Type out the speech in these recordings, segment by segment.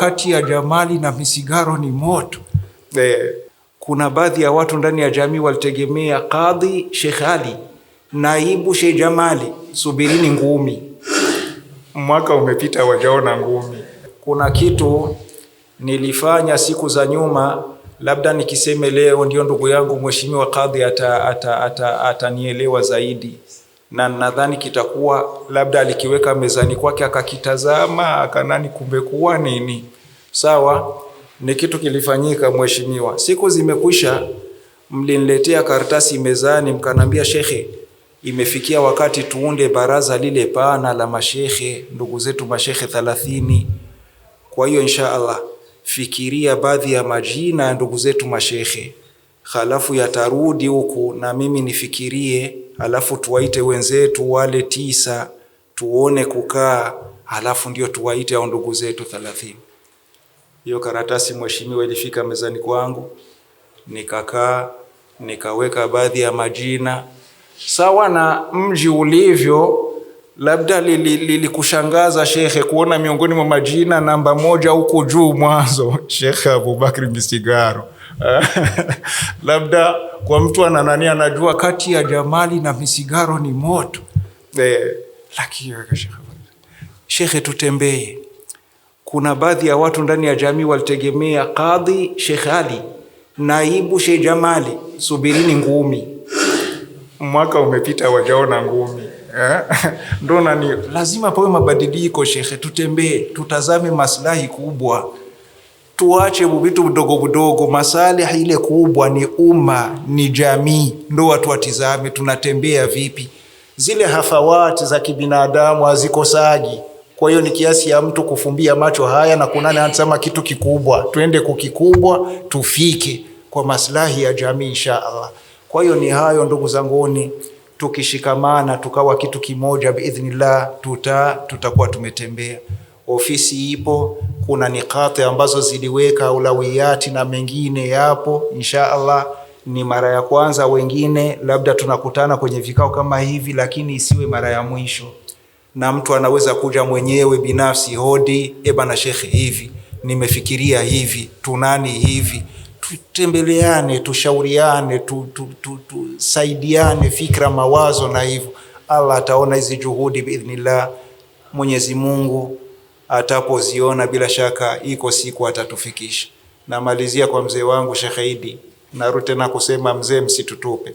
kati ya Jamali na Misigaro ni moto eh. Kuna baadhi ya watu ndani ya jamii walitegemea kadhi Sheikh Ali, naibu Sheikh Jamali, subirini ngumi. Mwaka umepita, wajaona ngumi. Kuna kitu nilifanya siku za nyuma, labda nikiseme leo, ndio ndugu yangu mheshimiwa kadhi atanielewa ata, ata, ata zaidi na nadhani kitakuwa labda alikiweka mezani kwake akakitazama akanani, kumbe kuwa nini. Sawa, ni kitu kilifanyika. Mheshimiwa, siku zimekwisha, mliniletea karatasi mezani, mkanambia shekhe, imefikia wakati tuunde baraza lile pana la mashekhe, ndugu zetu mashekhe thalathini. Kwa hiyo insha Allah fikiria baadhi ya majina ya ndugu zetu mashekhe, halafu yatarudi huku na mimi nifikirie alafu tuwaite wenzetu wale tisa tuone kukaa, alafu ndio tuwaite au ndugu zetu thelathini. Hiyo karatasi mheshimiwa, ilifika mezani kwangu, nikakaa nikaweka baadhi ya majina sawa na mji ulivyo. Labda lilikushangaza li, shekhe, kuona miongoni mwa majina namba moja huku juu mwanzo, Shekhe Abubakri Misigaro. labda kwa mtu ananani anajua kati ya Jamali na misigaro ni moto eh, lakini shekhe, tutembee. Kuna baadhi ya watu ndani ya jamii walitegemea kadhi Sheikh Ali, naibu Sheikh Jamali. Subirini ngumi, mwaka umepita, wajaona ngumi eh? ndo nani, lazima pawe mabadiliko. Shekhe, tutembee, tutazame maslahi kubwa tuache vitu vidogo vidogo. masalih ile kubwa ni umma, ni jamii, ndo watu watizame tunatembea vipi. Zile hafawati za kibinadamu hazikosaji. Kwa hiyo ni kiasi ya mtu kufumbia macho haya na kunani, anasema kitu kikubwa, tuende kukikubwa, tufike kwa maslahi ya jamii insha Allah. Kwa hiyo ni hayo ndugu zanguni, tukishikamana tukawa kitu kimoja biidhnillah, tuta tutakuwa tumetembea. Ofisi ipo kuna nikati ambazo ziliweka ulawiyati na mengine yapo, insha Allah ni mara ya kwanza, wengine labda tunakutana kwenye vikao kama hivi, lakini isiwe mara ya mwisho. Na mtu anaweza kuja mwenyewe binafsi, hodi, e bana shekhe, hivi nimefikiria hivi, tunani hivi, tutembeleane, tushauriane, tusaidiane fikra, mawazo na hivyo, Allah ataona hizi juhudi biidhnillah, Mwenyezi Mungu atapoziona bila shaka iko siku atatufikisha. Namalizia kwa mzee wangu Sheikh Idi, narudi tena kusema mzee, msitutupe,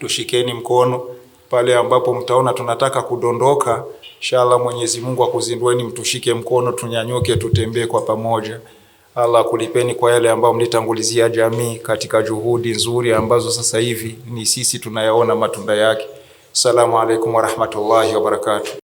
tushikeni mkono pale ambapo mtaona tunataka kudondoka. Inshallah, Mwenyezi Mungu akuzindueni, mtushike mkono, tunyanyuke, tutembee kwa pamoja. Allah kulipeni kwa yale ambayo mlitangulizia jamii katika juhudi nzuri ambazo sasa hivi ni sisi tunayaona matunda yake. Assalamu alaikum warahmatullahi wabarakatuh.